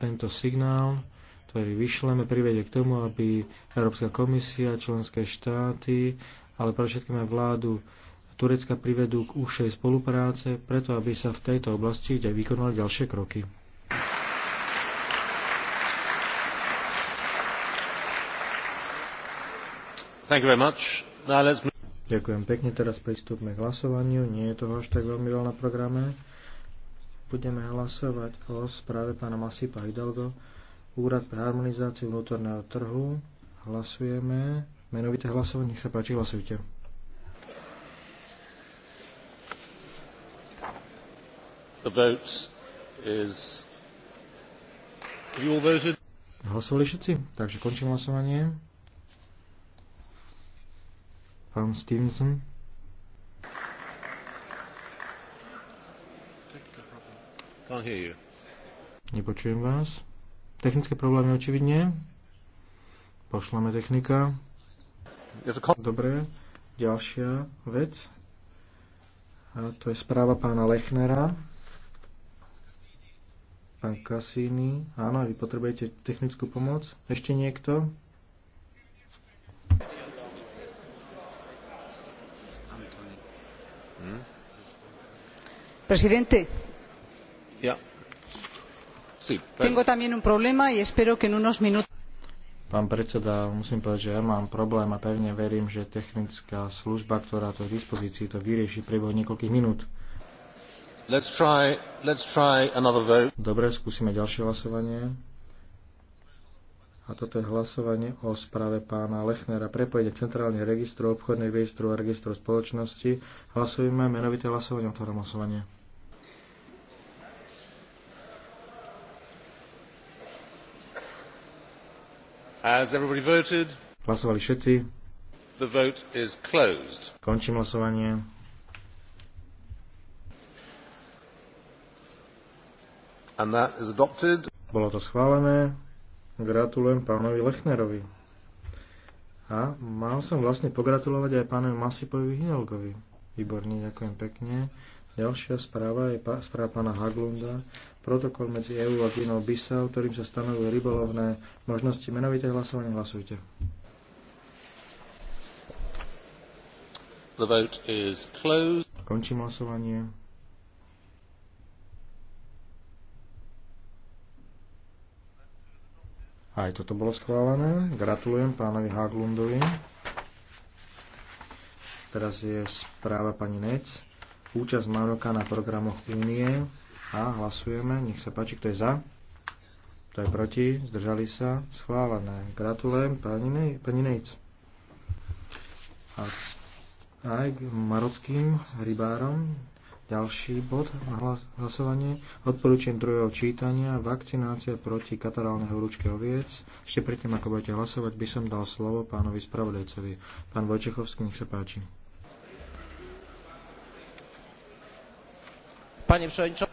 tento signál, ktorý vyšleme, privedie k tomu, aby Európska komisia, členské štáty, ale pre všetkým aj vládu Turecka privedú k ušej spolupráce, preto aby sa v tejto oblasti kde vykonali ďalšie kroky. Thank you very much. Now let's... Ďakujem pekne, teraz pristúpme k hlasovaniu. Nie je toho až tak veľmi veľa na programe budeme hlasovať o správe pána Masipa Hidalgo, Úrad pre harmonizáciu vnútorného trhu. Hlasujeme. Menovité hlasovanie, nech sa páči, hlasujte. The votes is... You all voted? Hlasovali všetci? Takže končím hlasovanie. Pán Stevenson. Nepočujem vás. Technické problémy očividne. Pošlame technika. Dobre. Ďalšia vec. A to je správa pána Lechnera. Pán Cassini. Áno, vy potrebujete technickú pomoc. Ešte niekto? Presidente, Pán predseda, musím povedať, že ja mám problém a pevne verím, že technická služba, ktorá to je v dispozícii, to vyrieši priebehu niekoľkých minút. Let's try, let's try another vote. Dobre, skúsime ďalšie hlasovanie. A toto je hlasovanie o správe pána Lechnera. Prepojenie centrálnych registrov, obchodných registrov a registrov spoločnosti. Hlasujeme menovité hlasovanie, otváram hlasovanie. everybody voted? Hlasovali všetci. The vote is closed. Končím hlasovanie. And that is adopted. Bolo to schválené. Gratulujem pánovi Lechnerovi. A mal som vlastne pogratulovať aj pánovi Masipovi Hinelgovi. Výborne, ďakujem pekne. Ďalšia správa je správa pána Haglunda protokol medzi EÚ a Ginou Bissau, ktorým sa stanovujú rybolovné možnosti. Menovité hlasovanie hlasujte. The vote is closed. Končím hlasovanie. Aj toto bolo schválené. Gratulujem pánovi Haglundovi. Teraz je správa pani Nec. Účasť Maroka na programoch Únie. A hlasujeme, nech sa páči, kto je za, kto je proti, zdržali sa, schválené. Gratulujem pani, Nejc. A aj marockým rybárom ďalší bod na hlasovanie. Odporúčam druhého čítania. Vakcinácia proti katarálnej horúčke oviec. Ešte predtým, ako budete hlasovať, by som dal slovo pánovi spravodajcovi. Pán Vojčechovský, nech sa páči. Panie przewodniczący,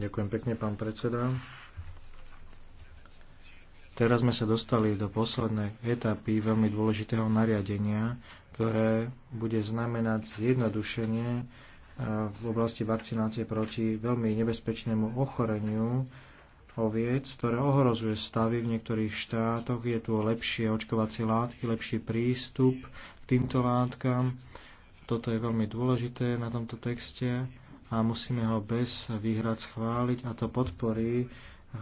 Ďakujem pekne, pán predseda. Teraz sme sa dostali do poslednej etapy veľmi dôležitého nariadenia, ktoré bude znamenať zjednodušenie eh, v oblasti vakcinácie proti veľmi nebezpečnému ochoreniu oviec, ktoré ohrozuje stavy v niektorých štátoch. Je tu lepšie očkovacie látky, lepší prístup k týmto látkam. Toto je veľmi dôležité na tomto texte a musíme ho bez výhrad schváliť a to podporí e, e,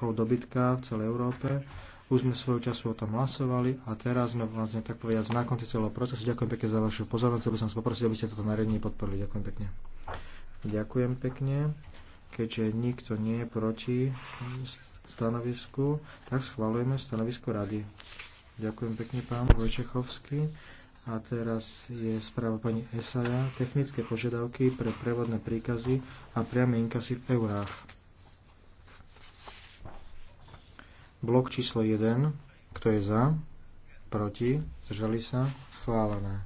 chov dobytka v celej Európe. Už sme svojho času o tom hlasovali a teraz sme vlastne tak povedať na konci celého procesu. Ďakujem pekne za vašu pozornosť. Chcel by som vás poprosiť, aby ste toto nariadenie podporili. Ďakujem pekne. Ďakujem pekne. Keďže nikto nie je proti stanovisku, tak schválujeme stanovisko rady. Ďakujem pekne pán Vojčechovský. A teraz je správa pani Esaja, technické požiadavky pre prevodné príkazy a priame inkasy v eurách. Blok číslo 1, kto je za, proti, zdržali sa, schválené.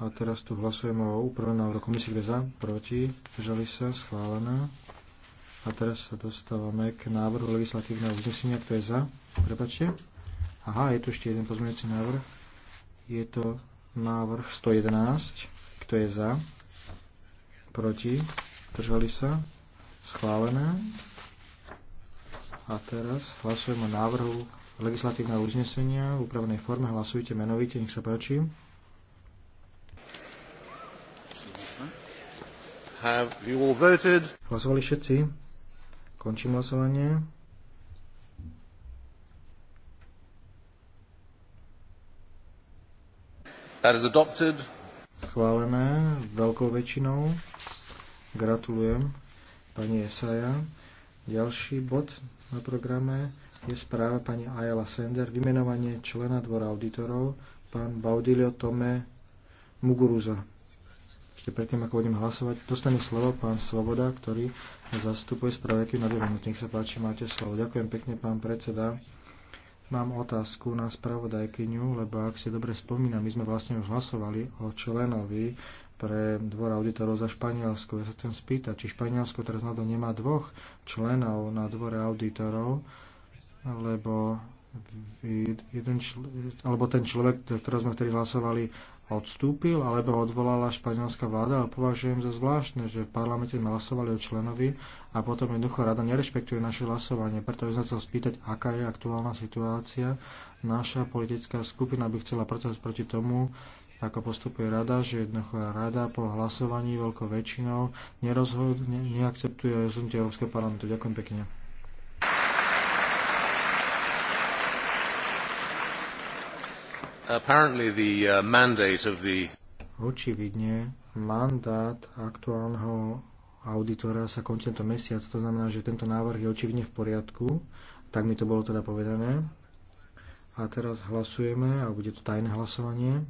A teraz tu hlasujeme o úprve návrhu komisie, je za, proti, zdržali sa, schválené. A teraz sa dostávame k návrhu legislatívneho uznesenia, kto je za. Prepačte. Aha, je tu ešte jeden pozmeňujúci návrh. Je to návrh 111. Kto je za? Proti? Držali sa? Schválené. A teraz hlasujeme o návrhu legislatívneho uznesenia v upravenej forme. Hlasujte menovite, nech sa páči. Have you all voted? Hlasovali všetci? Končím hlasovanie. That is adopted. Schválené veľkou väčšinou. Gratulujem pani Esaja. Ďalší bod na programe je správa pani Ayala Sender, vymenovanie člena dvora auditorov, pán Baudilio Tome Muguruza ešte predtým, ako budem hlasovať, dostane slovo pán Svoboda, ktorý zastupuje spraveky na 9 Nech sa páči, máte slovo. Ďakujem pekne, pán predseda. Mám otázku na spravodajkyňu, lebo ak si dobre spomínam, my sme vlastne už hlasovali o členovi pre dvor auditorov za Španielsko. Ja sa chcem spýtať, či Španielsko teraz na to nemá dvoch členov na dvore auditorov, lebo jeden čl- alebo ten človek, ktorého sme vtedy hlasovali, odstúpil alebo odvolala španielská vláda, ale považujem za zvláštne, že v parlamente sme hlasovali o členovi a potom jednoducho rada nerešpektuje naše hlasovanie. Preto by som chcel spýtať, aká je aktuálna situácia. Naša politická skupina by chcela pracovať proti tomu, ako postupuje rada, že jednoducho rada po hlasovaní veľkou väčšinou nerozhodne, neakceptuje rozhodnutie Európskeho parlamentu. Ďakujem pekne. Apparently the uh, mandate of the... Očividne mandát aktuálneho auditora sa končí tento mesiac, to znamená, že tento návrh je očividne v poriadku, tak mi to bolo teda povedané. A teraz hlasujeme a bude to tajné hlasovanie.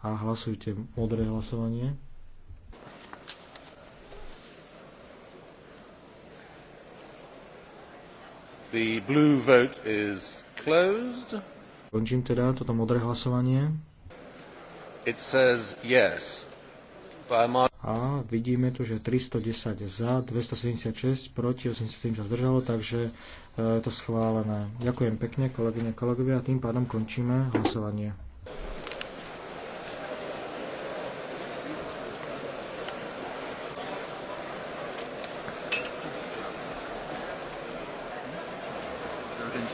A hlasujte modré hlasovanie. The blue vote is closed. Končím teda toto modré hlasovanie. It says yes. My... A vidíme tu, že 310 za, 276 proti, 87 sa zdržalo, takže e, je to schválené. Ďakujem pekne, kolegyne, kolegovia, a tým pádom končíme hlasovanie.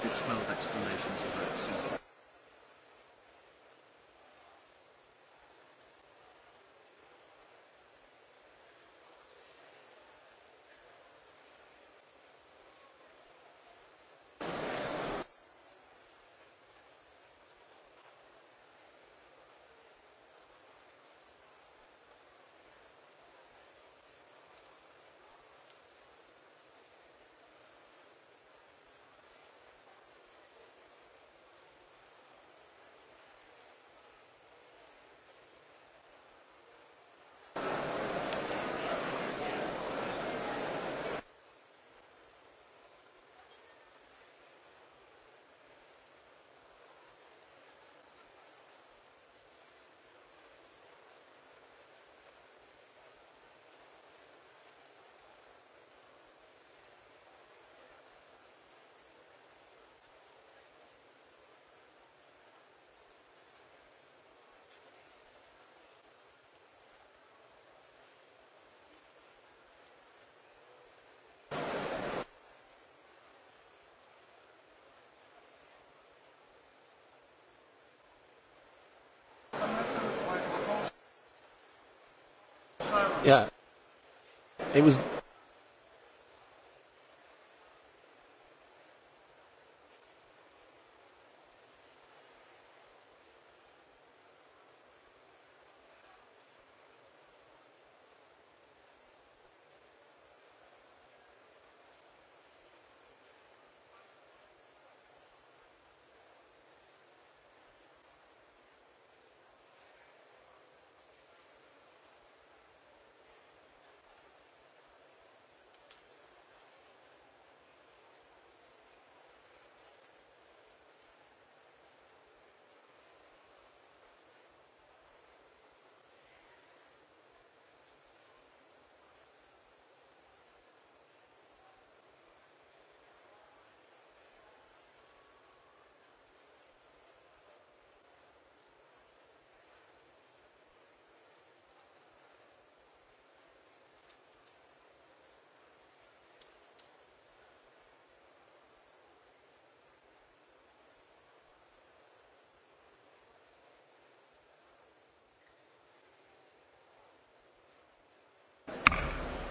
which smelled explanations of votes. Yeah. It was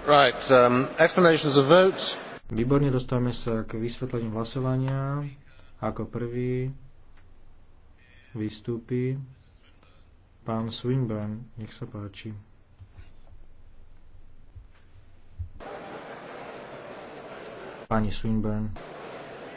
Right, um, explanations of vote. Výborne, dostávame sa k vysvetleniu hlasovania. Ako prvý vystúpi pán Swinburne. Nech sa páči. Pani Swinburne.